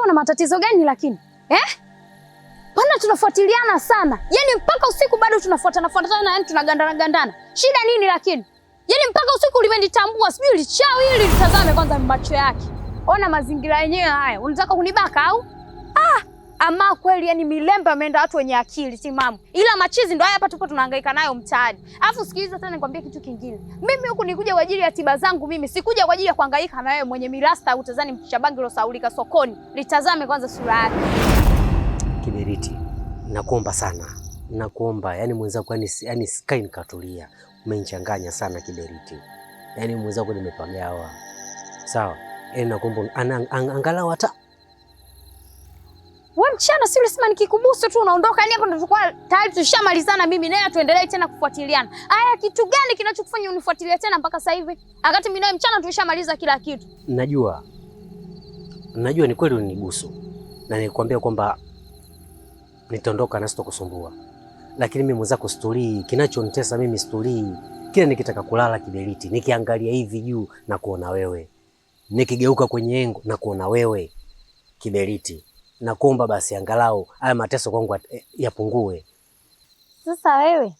hivi una matatizo gani lakini eh? Pana tunafuatiliana sana yaani mpaka usiku bado tunafuatana fuatana, yani tunagandana gandana, shida nini lakini? Yaani mpaka usiku limenitambua, sijui lichawi hili litazame kwanza macho yake. Ona mazingira yenyewe haya, unataka kunibaka au? Ah, ama kweli yani milemba ameenda watu wenye akili timamu. Ila machizi ndo haya hapa tupo tunahangaika nayo mtaani. Alafu sikiliza tena nikwambie kitu kingine. Mimi huku nikuja kwa ajili ya tiba zangu mimi. Sikuja kwa ajili ya kuhangaika na wewe mwenye milasta utazani mchabangi lilosaulika sokoni. Litazame kwanza sura yake. Kiberiti. Nakuomba sana. Nakuomba yani mwenzangu yani yani sky nikatulia. Umenichanganya sana Kiberiti. Yani mwenzangu nimepagawa. Sawa. Yani nakuomba angalau hata mchana, si ulisema nikikubusu tu unaondoka? Yani hapo ndo tulikuwa tayari tushamalizana mimi naye, atuendelee tena kufuatiliana. Aya, kitu gani kinachokufanya unifuatilia tena mpaka sasa hivi, wakati mimi naye mchana tulishamaliza kila kitu? Najua, najua ni kweli uninibusu na nikwambia kwamba nitaondoka na sitokusumbua, lakini mimi mwenzako storii, kinachonitesa mimi storii, kila nikitaka kulala kiberiti, nikiangalia hivi juu na kuona wewe, nikigeuka kwenye engo na kuona wewe kiberiti na kuomba basi angalau haya mateso kwangu eh, yapungue. Sasa wewe,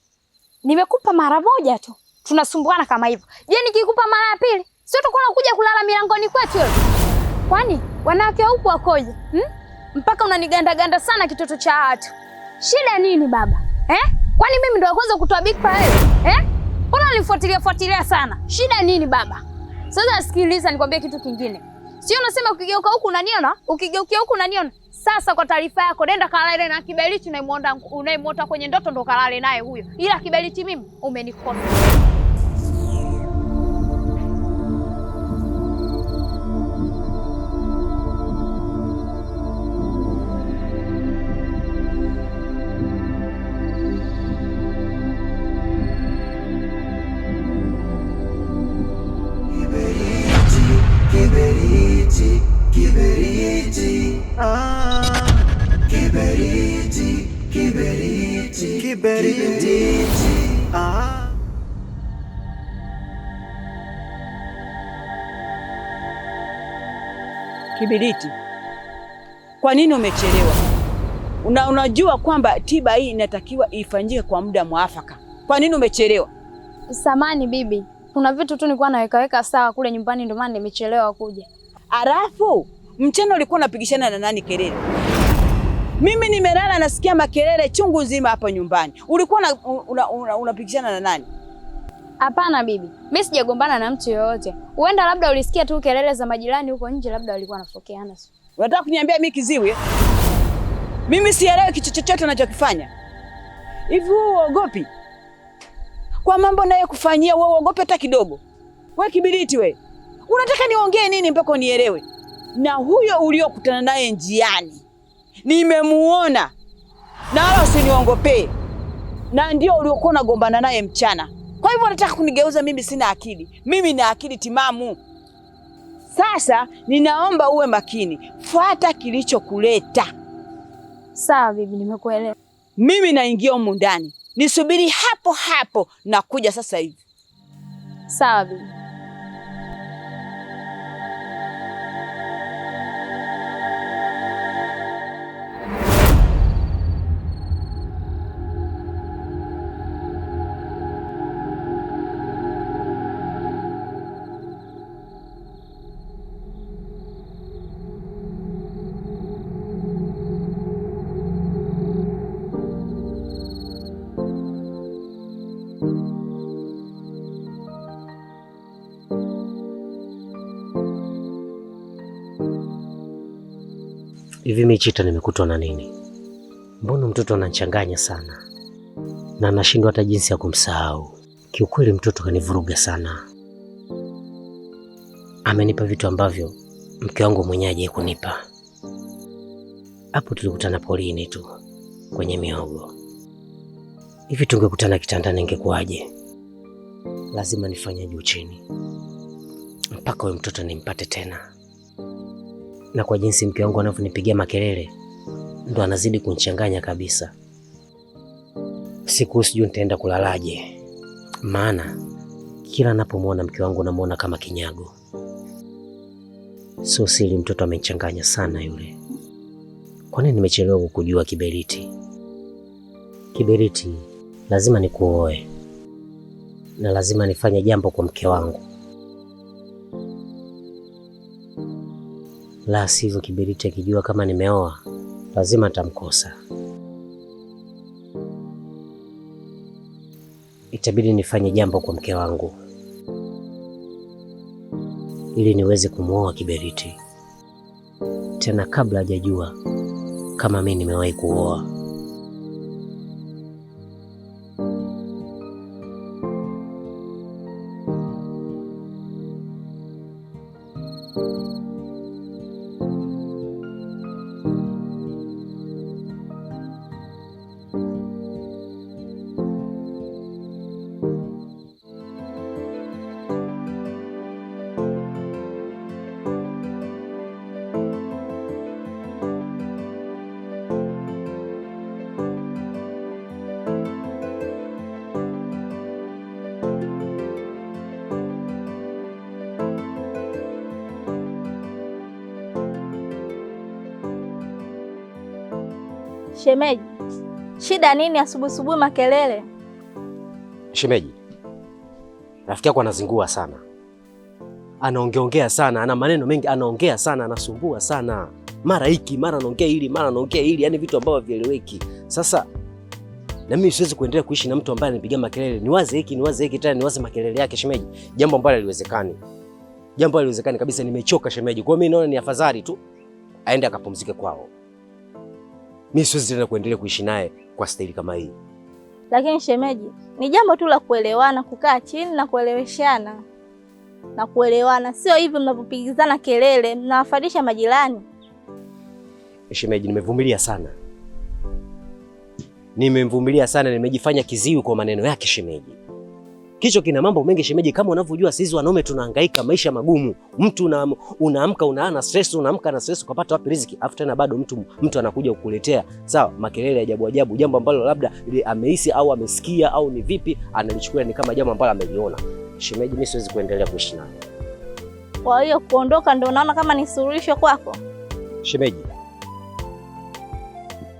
nimekupa mara moja tu, tunasumbuana kama hivyo. Je, nikikupa mara ya pili, sio utakuwa unakuja kulala milangoni kwetu? Wewe Kwani wanawake huku wakoje hmm? Mpaka unanigandaganda sana kitoto cha watu, shida nini baba eh? Kwani mimi ndo kwanza kutoa big pa wewe eh? Mbona unifuatilia fuatilia sana, shida nini baba? Sasa sikiliza nikwambie kitu kingine Sio unasema ukigeuka huku unaniona, ukigeukia huku unaniona. Sasa kwa taarifa yako, nenda kalale na kibelichi unayemwota kwenye ndoto, ndo kalale naye huyo, ila kibelichi mimi umenikosa. Kibiriti, kwa nini umechelewa? Una, unajua kwamba tiba hii inatakiwa ifanyike kwa muda mwafaka. Kwa nini umechelewa? Samani bibi, kuna vitu tu nilikuwa nawekaweka sawa kule nyumbani, ndio maana nimechelewa kuja. Alafu mchana ulikuwa unapigishana na nani kelele? Mimi nimelala nasikia makelele chungu nzima hapa nyumbani, ulikuwa unapigishana una, una, una na nani? Hapana bibi, mimi sijagombana na mtu yoyote. Huenda labda ulisikia tu kelele za majirani huko nje, labda walikuwa wanafokeana. Unataka kuniambia mimi kiziwi? Mimi sielewi kitu chochote unachokifanya. Hivi wewe uogopi kwa mambo naye kufanyia? Wewe uogope hata kidogo? We kibiriti we, unataka niongee nini mpaka unielewe? Na huyo uliokutana naye njiani nimemuona, na wala usiniongopee, na ndio uliokuwa unagombana naye mchana kwa hivyo wanataka kunigeuza mimi sina akili. Mimi na akili timamu. Sasa ninaomba uwe makini, fuata kilichokuleta. Sawa bibi, nimekuelewa. Mimi naingia humu ndani, nisubiri hapo hapo, nakuja sasa hivi. Sawa bibi. Hivi Michita, nimekutwa na nini? Mbona mtoto anachanganya sana na nashindwa hata jinsi ya kumsahau. Kiukweli mtoto kanivuruga sana, amenipa vitu ambavyo mke wangu mwenyewe kunipa. Hapo tulikutana polini tu kwenye miogo. Hivi tungekutana kitandani ingekuwaje? Lazima nifanye juu chini mpaka huyo mtoto nimpate tena na kwa jinsi mke wangu anavyonipigia makelele ndo anazidi kunchanganya kabisa. Siku sijui nitaenda kulalaje, maana kila napomwona mke wangu namwona kama kinyago. Sio siri, mtoto amechanganya sana yule. Kwa nini nimechelewa kukujua Kiberiti? Kiberiti, lazima nikuoe na lazima nifanye jambo kwa mke wangu la sivyo Kiberiti akijua kama nimeoa lazima atamkosa. Itabidi nifanye jambo kwa mke wangu ili niweze kumwoa Kiberiti, tena kabla hajajua kama mimi nimewahi kuoa. Shemeji, shida nini asubuhi asubuhi makelele? Shemeji, rafiki yako anazingua sana, anaongeongea sana, ana maneno mengi, anaongea sana, anasumbua sana, mara hiki mara anaongea hili mara anaongea hili, yani vitu ambavyo havieleweki. Sasa na mimi siwezi kuendelea kuishi na mtu ambaye anipigia makelele, niwaze hiki niwaze hiki tena niwaze makelele yake shemeji, jambo ambalo haliwezekani, jambo haliwezekani kabisa. Nimechoka shemeji, kwa hiyo mimi naona ni afadhali tu aende akapumzike kwao mimi siwezi tena kuendelea kuishi naye kwa staili kama hii. Lakini shemeji, ni jambo tu la kuelewana, kukaa chini na kueleweshana na kuelewana, sio hivi mnavyopigizana kelele, mnawafadisha majirani. Shemeji, nimevumilia sana, nimemvumilia sana, nimejifanya kiziwi kwa maneno yake shemeji. Kichwa kina mambo mengi shemeji, kama unavyojua sisi wanaume tunahangaika, maisha magumu. Mtu unaamka una unaana stress, unaamka na stress, ukapata wapi riziki? Afu tena bado mtu, mtu anakuja kukuletea sawa, makelele ya ajabu ajabu, jambo ambalo labda amehisi au amesikia au ni vipi, analichukua ni kama jambo ambalo ameliona. Shemeji, mimi siwezi kuendelea kuishi naye. Kwa hiyo kuondoka ndio unaona kama ni suluhisho kwako? Shemeji,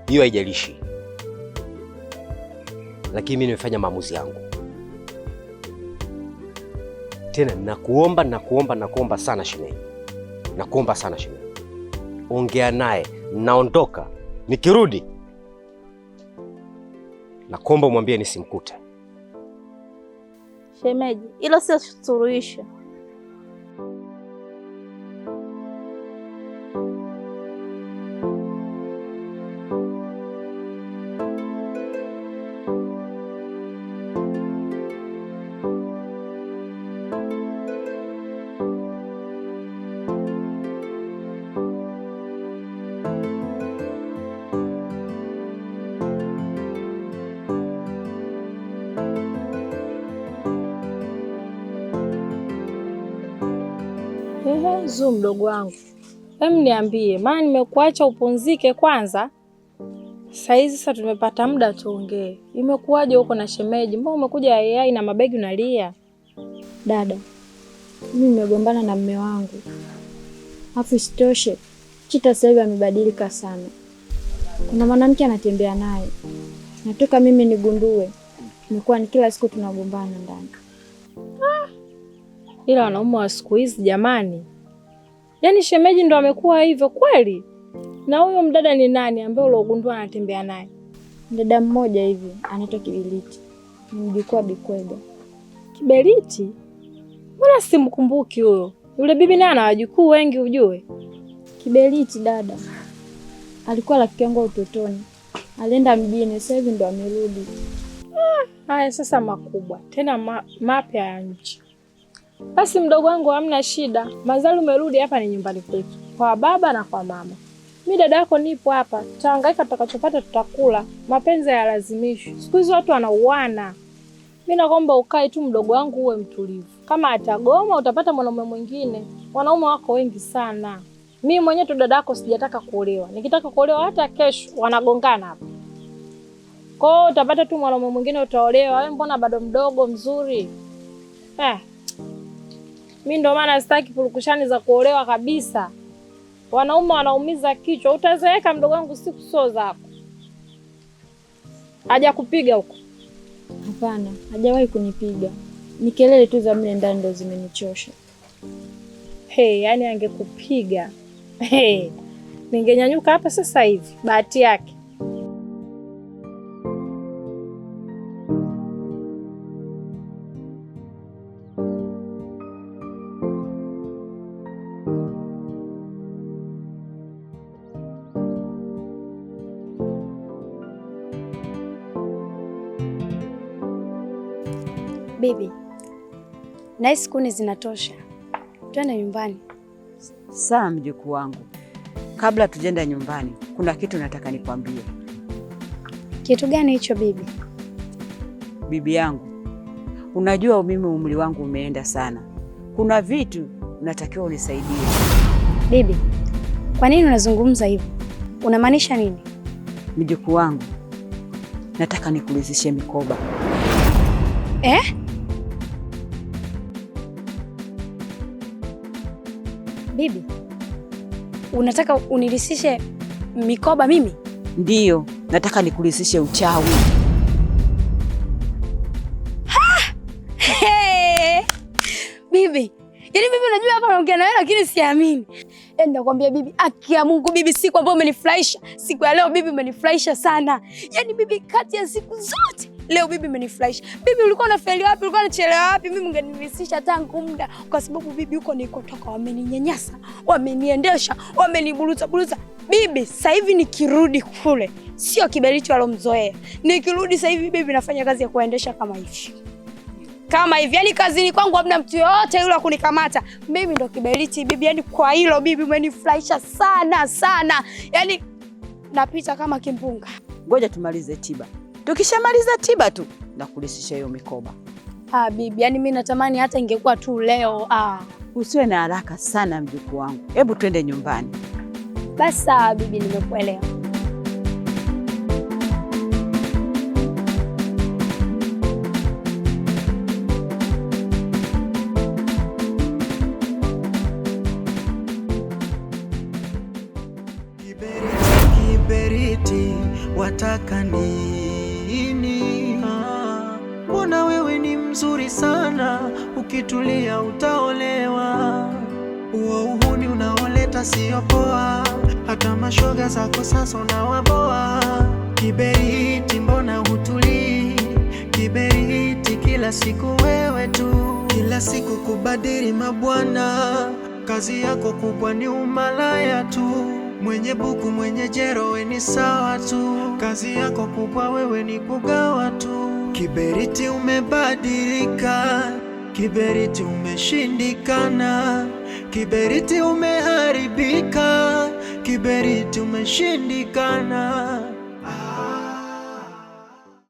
hiyo haijalishi, lakini mimi nimefanya maamuzi yangu tena nakuomba nakuomba nakuomba sana shemeji nakuomba sana Shimei, ongea naye. Naondoka, nikirudi nakuomba umwambie nisimkute. Shemeji, hilo sio suluhisho. zu mdogo wangu, hem, niambie, maana nimekuacha upumzike kwanza. Saizi sasa tumepata muda tuongee. Imekuwaje huko na shemeji? Mbona umekuja ayai na mabegi unalia? Dada, mimi nimegombana na mme wangu, afu isitoshe Chita sasa hivi amebadilika sana. Kuna mwanamke anatembea naye, natoka mimi nigundue, imekuwa ni kila siku tunagombana ndani. Ah, ila wanaume wa siku hizi jamani Yaani shemeji ndo amekuwa hivyo kweli? Na huyo mdada ni nani ambaye uliogundua anatembea naye? Mdada mmoja hivi anaitwa kibiriti ni mjukuu wa Bikwega. Kiberiti? Mbona simkumbuki huyo? Yule bibi naye ana wajukuu wengi ujue. Kiberiti dada alikuwa rafiki yangu utotoni, alienda mjini, sasa hivi ndo amerudi. Ah, haya sasa makubwa tena ma, mapya ya nchi basi mdogo wangu, hamna shida. Mazali umerudi hapa, ni nyumbani kwetu kwa baba na kwa mama. Mi dada yako nipo hapa, tutahangaika, tutakachopata tutakula. Mapenzi hayalazimishwi, siku hizi watu wanauana. Mi nakwamba ukae tu mdogo wangu, uwe mtulivu. Kama atagoma utapata mwanaume mwingine, wanaume wako wengi sana. Mi mwenyewe tu dada yako sijataka kuolewa, nikitaka kuolewa hata kesho wanagongana hapa kwao, utapata tu mwanaume mwingine utaolewa. Wewe mbona bado mdogo mzuri eh? Mi ndo maana sitaki purukushani za kuolewa kabisa. Wanaume wanaumiza kichwa, utazeeka mdogo wangu, siku sio zako. Haja kupiga huko? Hapana, hajawahi kunipiga. Ni kelele tu za mle ndani ndo zimenichosha. Hey, yaani angekupiga hey, ningenyanyuka hapa sasa hivi. Bahati yake Bibi, nahisi kuni zinatosha, twende nyumbani. Sawa mjukuu wangu, kabla tujenda nyumbani, kuna kitu nataka nikwambie. Kitu gani hicho bibi? Bibi yangu, unajua mimi umri wangu umeenda sana, kuna vitu unatakiwa unisaidie. Bibi, kwa nini unazungumza hivyo? Unamaanisha nini? Mjukuu wangu, nataka nikulizishe mikoba eh? Bibi, unataka unilisishe mikoba mimi? Ndiyo, nataka nikulisishe uchawi. Bibi, yaani bibi, unajua hapa naongea wewe lakini siamini. Yaani nakwambia bibi, aki ya Mungu bibi, siku ambayo umenifurahisha siku ya leo bibi, umenifurahisha sana. Yaani bibi, kati ya siku zote Leo bibi umenifurahisha. Bibi ulikuwa unafeli wapi? Ulikuwa unachelewa wapi? Mimi ungenivisisha tangu muda kwa sababu bibi huko nilikotoka wameninyanyasa, wameniendesha, wameniburuta buruta. Bibi sasa hivi nikirudi kule sio kibaricho alomzoea. Nikirudi sasa hivi bibi nafanya kazi ya kuendesha kama hivi. Kama hivi yani, kazini kwangu hamna mtu yoyote yule akunikamata. Mimi ndo kiberiti bibi, yani kwa hilo bibi umenifurahisha sana sana. Yani napita kama kimbunga. Ngoja tumalize tiba. Tukishamaliza tiba tu na kulisisha hiyo mikoba. Ah, bibi, yani mimi natamani hata ingekuwa tu leo. Ah, usiwe na haraka sana mjukuu wangu, hebu twende nyumbani. Basi sawa bibi, nimekuelewa. Kiberiti, kiberiti wataka ni laini. Mbona wewe ni mzuri sana, ukitulia utaolewa. Uo uhuni unaoleta sio poa, hata mashoga zako sasa unawaboa. Kiberiti mbona hutulii? Kiberiti kila siku wewe tu, kila siku kubadili mabwana. Kazi yako kubwa ni umalaya tu. Mwenye buku mwenye jero, we ni sawa tu. Kazi yako kubwa wewe ni kugawa tu. Kiberiti umebadilika, kiberiti umeshindikana, kiberiti umeharibika, kiberiti umeshindikana